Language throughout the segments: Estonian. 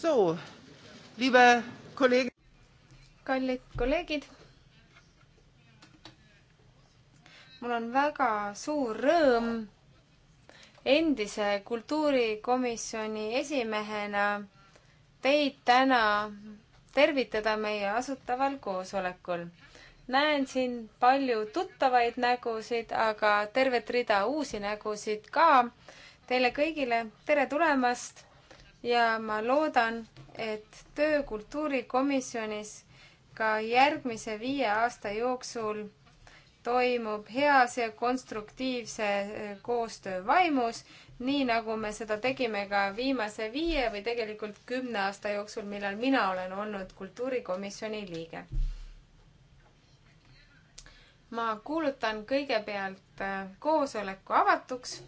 So, liebe kolleeg-. kallid kolleegid. mul on väga suur rõõm endise kultuurikomisjoni esimehena teid täna tervitada meie asutaval koosolekul. näen siin palju tuttavaid nägusid, aga tervet rida uusi nägusid ka. Teile kõigile tere tulemast ja ma loodan, et töö kultuurikomisjonis ka järgmise viie aasta jooksul toimub heas ja konstruktiivse äh, koostöö vaimus, nii nagu me seda tegime ka viimase viie või tegelikult kümne aasta jooksul, millal mina olen olnud kultuurikomisjoni liige. ma kuulutan kõigepealt äh, koosoleku avatuks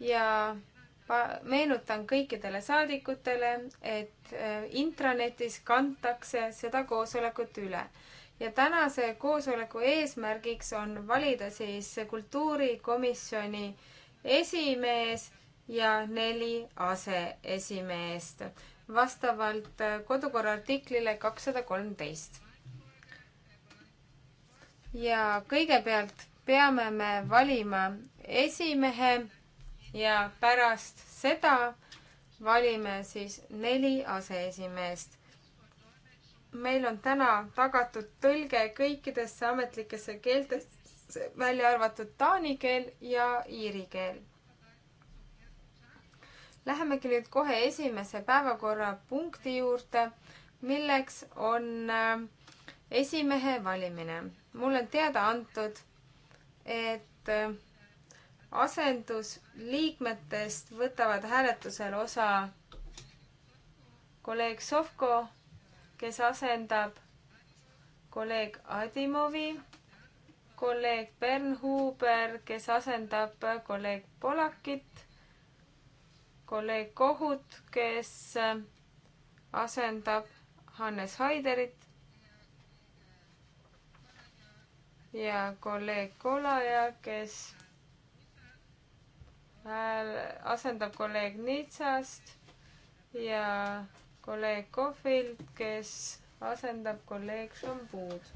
ja meenutan kõikidele saadikutele, et äh, intranetis kantakse seda koosolekut üle. ja tänase koosoleku eesmärgiks on valida siis kultuurikomisjoni esimees ja neli aseesimeest vastavalt äh, kodukorra artiklile kakssada kolmteist. ja kõigepealt peame me valima esimehe ja pärast seda valime siis neli aseesimeest. meil on täna tagatud tõlge kõikidesse ametlikesse keeltesse, välja arvatud taani keel ja iiri keel. Lähemegi nüüd kohe esimese päevakorrapunkti juurde, milleks on äh, esimehe valimine. mulle on teada antud, et äh, asendusliikmetest võtavad hääletusel osa kolleeg Sovko, kes asendab kolleeg Adimovi, kolleeg Bernhuber, kes asendab kolleeg Polakit, kolleeg Kohut, kes asendab Hannes Haiderit ja kolleeg Kolaja, kes hääl asendab kolleeg Nitsast ja kolleeg Kohvilt, kes asendab kolleeg Šambuud.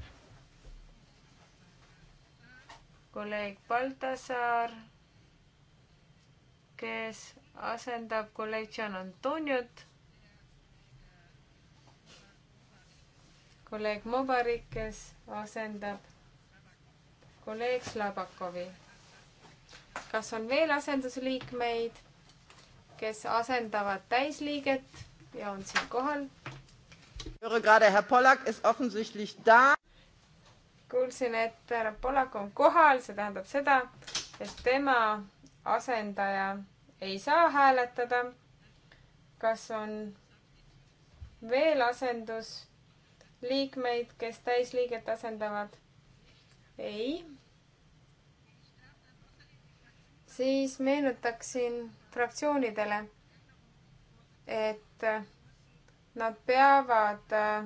kolleeg Baltasaar, kes asendab kolleeg Gian Antoniot. kolleeg Mobarik, kes asendab kolleeg Slabakovi kas on veel asendusliikmeid, kes asendavad täisliiget ja on siin kohal? kuulsin, et härra Polak on kohal, see tähendab seda, et tema asendaja ei saa hääletada. kas on veel asendusliikmeid, kes täisliiget asendavad? ei siis meenutaksin fraktsioonidele, et nad peavad äh,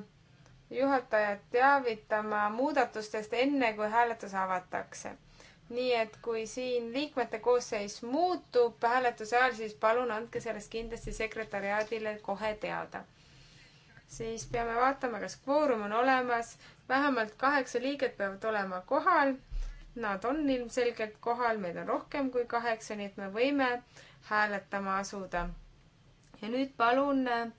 juhatajat teavitama muudatustest enne, kui hääletus avatakse. nii et kui siin liikmete koosseis muutub hääletuse ajal, siis palun andke sellest kindlasti sekretäriaadile kohe teada. siis peame vaatama, kas kvoorum on olemas, vähemalt kaheksa liiget peavad olema kohal Nad on ilmselgelt kohal, meid on rohkem kui kaheksa, nii et me võime hääletama asuda. ja nüüd palun äh,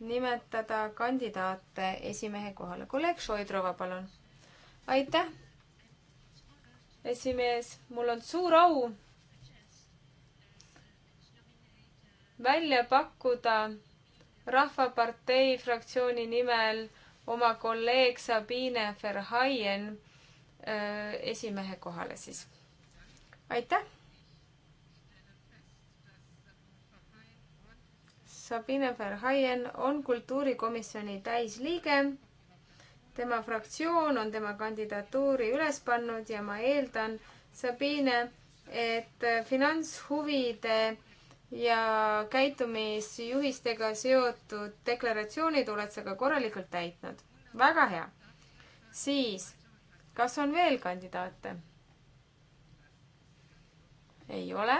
nimetada kandidaate esimehe kohale. kolleeg Šoidrova, palun. aitäh, esimees, mul on suur au välja pakkuda Rahvapartei fraktsiooni nimel oma kolleeg Sabine Verhaien Äh, esimehe kohale siis. aitäh! Sabine Verhaien on kultuurikomisjoni täisliige. tema fraktsioon on tema kandidatuuri üles pannud ja ma eeldan, Sabine, et finantshuvide ja käitumisjuhistega seotud deklaratsioonid oled sa ka korralikult täitnud. väga hea. siis kas on veel kandidaate? ei ole.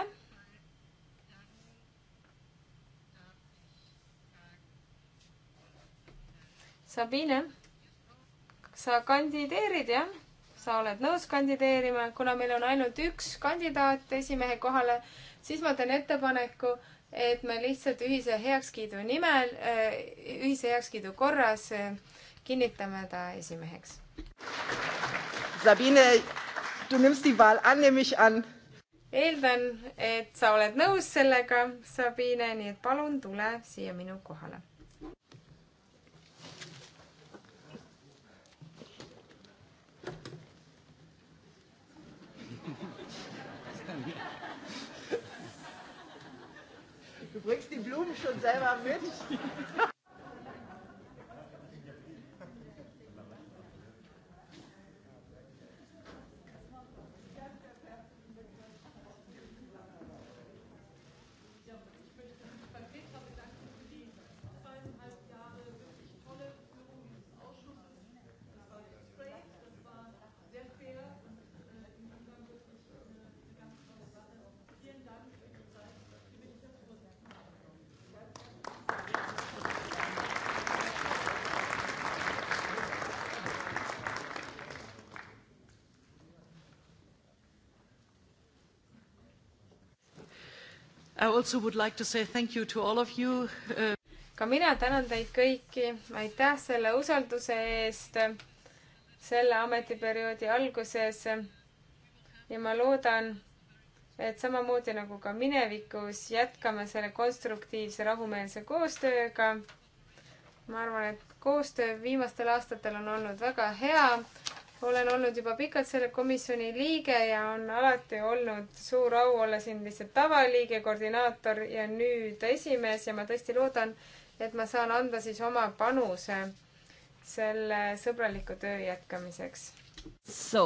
Sabine, sa kandideerid, jah? sa oled nõus kandideerima, kuna meil on ainult üks kandidaat esimehe kohale, siis ma teen ettepaneku, et me lihtsalt ühise heakskiidu nimel, äh, ühise heakskiidu korras äh, kinnitame ta esimeheks. Sabine, du nimmst die Wahl an, nehme ich an. eeldan, et sa oled nõus sellega, Sabine, nii et palun tule siia minu kohale. Du bringst die Blumen schon selber mit. I also would like to say thank you to all of you uh.... ka mina tänan teid kõiki, aitäh selle usalduse eest selle ametiperioodi alguses. ja ma loodan, et samamoodi nagu ka minevikus jätkame selle konstruktiivse rahumeelse koostööga. ma arvan, et koostöö viimastel aastatel on olnud väga hea olen olnud juba pikalt selle komisjoni liige ja on alati olnud suur au olla siin lihtsalt tavaliige, koordinaator ja nüüd esimees ja ma tõesti loodan, et ma saan anda siis oma panuse selle sõbraliku töö jätkamiseks. So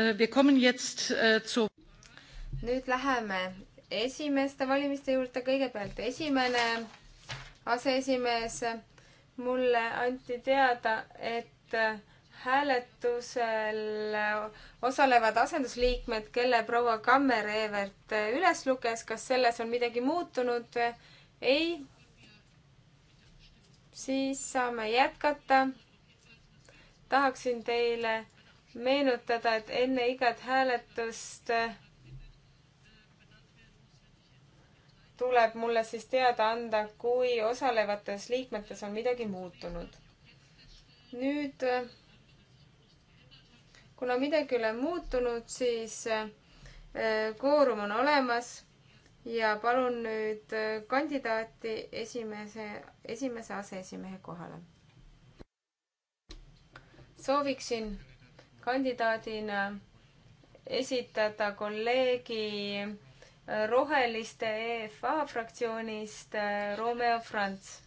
Äh, äh, nüüd läheme esimeste valimiste juurde, kõigepealt esimene aseesimees. mulle anti teada, et äh, hääletusel osalevad asendusliikmed, kelle proua Kammer-Evert üles luges, kas selles on midagi muutunud? ei. siis saame jätkata. tahaksin teile meenutada, et enne igat hääletust äh, tuleb mulle siis teada anda, kui osalevates liikmetes on midagi muutunud. nüüd, äh, kuna midagi ei ole muutunud, siis äh, koorum on olemas ja palun nüüd kandidaati esimese, esimese aseesimehe kohale. sooviksin kandidaadina esitada kolleegi äh, Roheliste EFA fraktsioonist äh, Romeo Franz.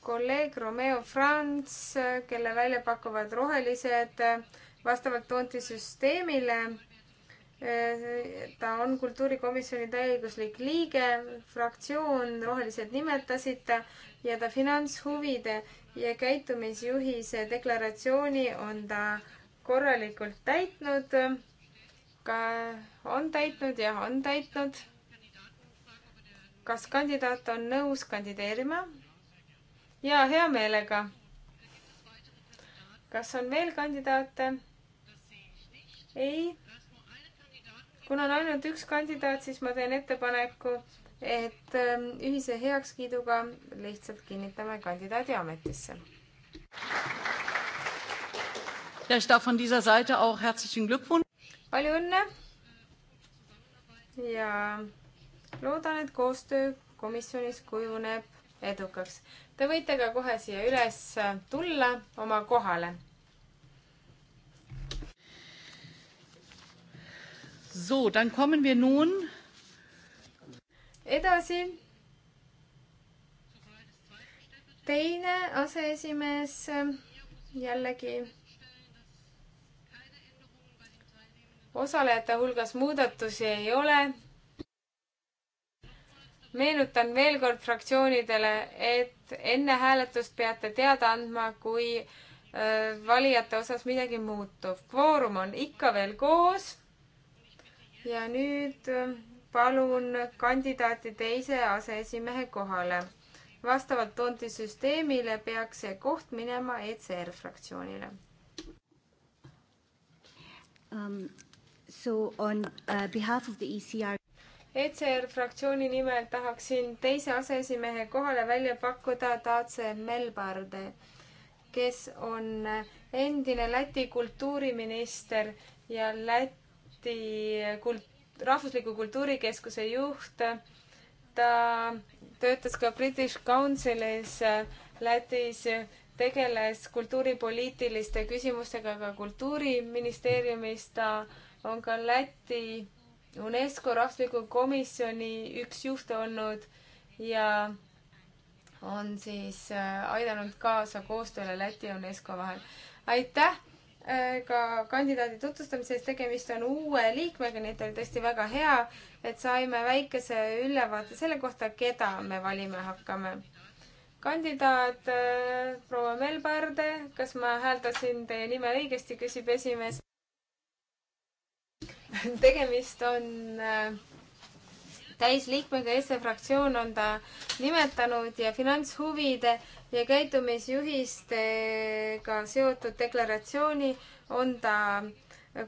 kolleeg Romeo Franz, äh, kelle välja pakuvad rohelised vastavalt toontisüsteemile. ta on kultuurikomisjoni täieõiguslik liige, fraktsioon Rohelised nimetasid ta ja ta finantshuvide ja käitumisjuhise deklaratsiooni on ta korralikult täitnud. ka on täitnud, jah, on täitnud. kas kandidaat on nõus kandideerima? ja hea meelega. kas on veel kandidaate? ei. kuna on ainult üks kandidaat, siis ma teen ettepaneku, et ähm, ühise heakskiiduga lihtsalt kinnitame kandidaadi ametisse. palju õnne ja loodan, et koostöö komisjonis kujuneb edukaks. Te võite ka kohe siia üles tulla oma kohale. So, dann kommen wir nun edasi. teine aseesimees jällegi osalejate hulgas muudatusi ei ole. meenutan veel kord fraktsioonidele, et enne hääletust peate teada andma, kui äh, valijate osas midagi muutub. kvoorum on ikka veel koos. ja nüüd äh, palun kandidaati teise aseesimehe kohale. vastavalt Tonti süsteemile peaks see koht minema ECR fraktsioonile um,. So on uh, behalf of the ECR ECR fraktsiooni nimel tahaksin teise aseesimehe kohale välja pakkuda Taatse Melbarde, kes on endine Läti kultuuriminister ja Läti kult-, rahvusliku kultuurikeskuse juht. ta töötas ka British Councilis Lätis, tegeles kultuuripoliitiliste küsimustega ka kultuuriministeeriumis. ta on ka Läti UNESCO rahvusliku komisjoni üks juht olnud ja on siis äh, aidanud kaasa koostööle Läti ja UNESCO vahel. aitäh Äh, ka kandidaadi tutvustamise eest, tegemist on uue liikmega, nii et oli tõesti väga hea, et saime väikese ülevaate selle kohta, keda me valima hakkame. kandidaat äh, proua Melbarde, kas ma hääldasin teie nime õigesti, küsib esimees. tegemist on äh, täisliikmega ESE fraktsioon on ta nimetanud ja finantshuvide ja käitumisjuhistega seotud deklaratsiooni on ta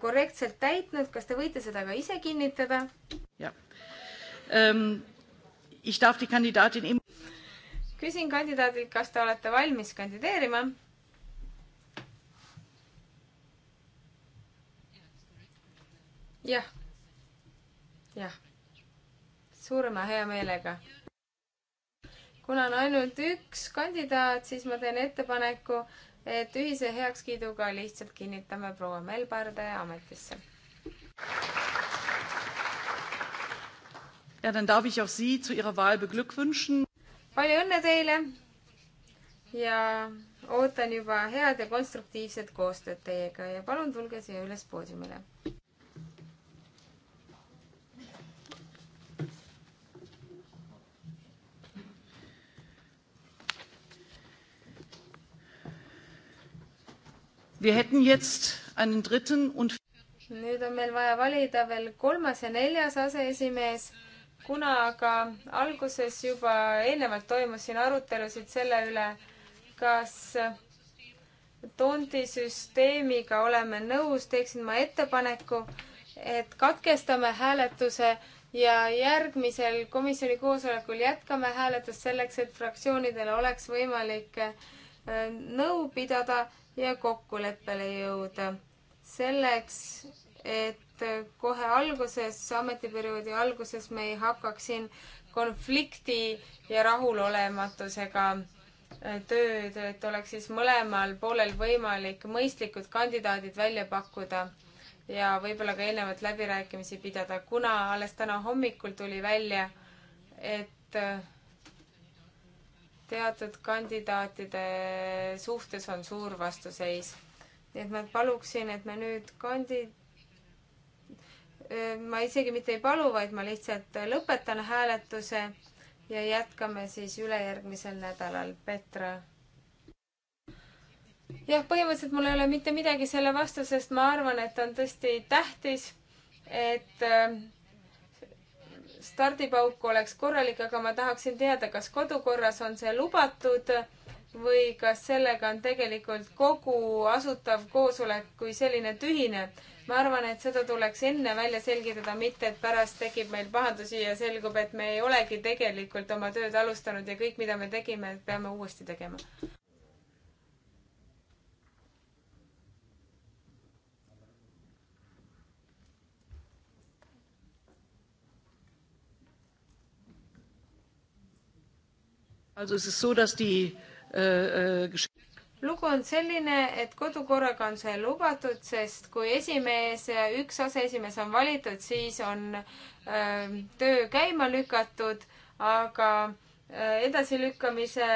korrektselt täitnud. kas te võite seda ka ise kinnitada? jah ähm,. Ich darf die Kandidatin im- küsin kandidaadilt, kas te olete valmis kandideerima? jah jah suurema heameelega. kuna on ainult üks kandidaat, siis ma teen ettepaneku, et ühise heakskiiduga lihtsalt kinnitame proua Melbarde ametisse. Ja, dann darf ich auch Sie zu Ihrer Wahl beglückwünschen. palju õnne teile ja ootan juba head ja konstruktiivset koostööd teiega ja palun tulge siia üles poodiumile. nüüd on meil vaja valida veel kolmas ja neljas aseesimees, kuna aga alguses juba eelnevalt toimus siin arutelusid selle üle, kas tondisüsteemiga oleme nõus, teeksin ma ettepaneku, et katkestame hääletuse ja järgmisel komisjoni koosolekul jätkame hääletust selleks, et fraktsioonidel oleks võimalik äh, nõu pidada ja kokkuleppele jõuda. selleks, et kohe alguses, ametiperioodi alguses me ei hakkaks siin konflikti ja rahulolematusega tööd, et oleks siis mõlemal poolel võimalik mõistlikud kandidaadid välja pakkuda ja võib-olla ka eelnevalt läbirääkimisi pidada, kuna alles täna hommikul tuli välja, et teatud kandidaatide suhtes on suur vastuseis. nii et ma paluksin, et me nüüd kandi-, äh, ma isegi mitte ei palu, vaid ma lihtsalt lõpetan hääletuse ja jätkame siis ülejärgmisel nädalal. Petra jah, põhimõtteliselt mul ei ole mitte midagi selle vastu, sest ma arvan, et on tõesti tähtis, et äh, stardipauk oleks korralik, aga ma tahaksin teada, kas kodukorras on see lubatud või kas sellega on tegelikult kogu asutav koosolek kui selline tühine. ma arvan, et seda tuleks enne välja selgitada, mitte et pärast tekib meil pahandusi ja selgub, et me ei olegi tegelikult oma tööd alustanud ja kõik, mida me tegime, peame uuesti tegema. Äh, äh, lugu on selline, et kodukorraga on see lubatud, sest kui esimees, üks aseesimees on valitud, siis on öö, ähm, töö käima lükatud, aga äh, edasilükkamise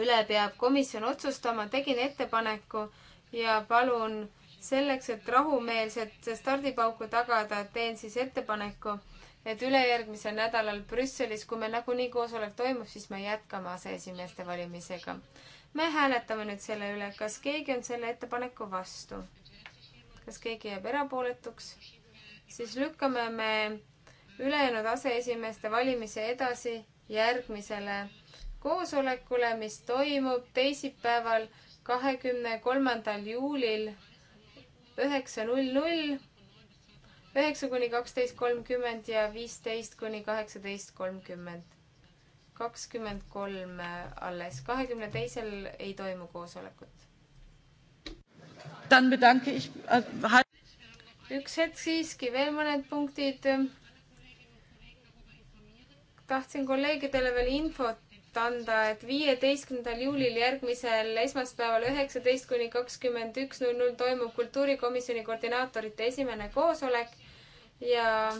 üle peab komisjon otsustama. tegin ettepaneku ja palun selleks, et rahumeelset stardipauku tagada, teen siis ettepaneku et ülejärgmisel nädalal Brüsselis, kui meil nagunii koosolek toimub, siis me jätkame aseesimeeste valimisega. me hääletame nüüd selle üle, kas keegi on selle ettepaneku vastu. kas keegi jääb erapooletuks? siis lükkame me ülejäänud aseesimeeste valimise edasi järgmisele koosolekule, mis toimub teisipäeval, kahekümne kolmandal juulil üheksa null null üheksa kuni kaksteist kolmkümmend ja viisteist kuni kaheksateist kolmkümmend. kakskümmend kolm äh, alles, kahekümne teisel ei toimu koosolekut. Äh, üks hetk siiski, veel mõned punktid. tahtsin kolleegidele veel infot anda, et viieteistkümnendal juulil järgmisel esmaspäeval üheksateist kuni kakskümmend üks null null toimub kultuurikomisjoni koordinaatorite esimene koosolek ja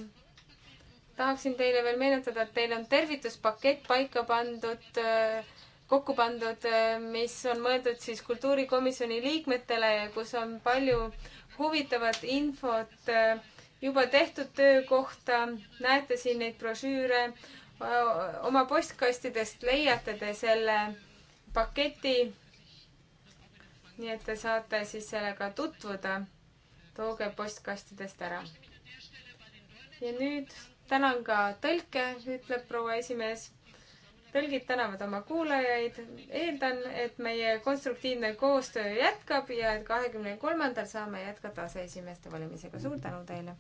tahaksin teile veel meenutada, et teil on tervituspakett paika pandud, äh, kokku pandud, äh, mis on mõeldud siis kultuurikomisjoni liikmetele ja kus on palju huvitavat infot äh, juba tehtud töö kohta. näete siin neid brošüüre. oma postkastidest leiate te selle paketi. nii et te saate siis sellega tutvuda. tooge postkastidest ära ja nüüd tänan ka tõlke, ütleb proua esimees. tõlgid tänavad oma kuulajaid. eeldan, et meie konstruktiivne koostöö jätkab ja et kahekümne kolmandal saame jätkata aseesimeeste valimisega. suur tänu teile!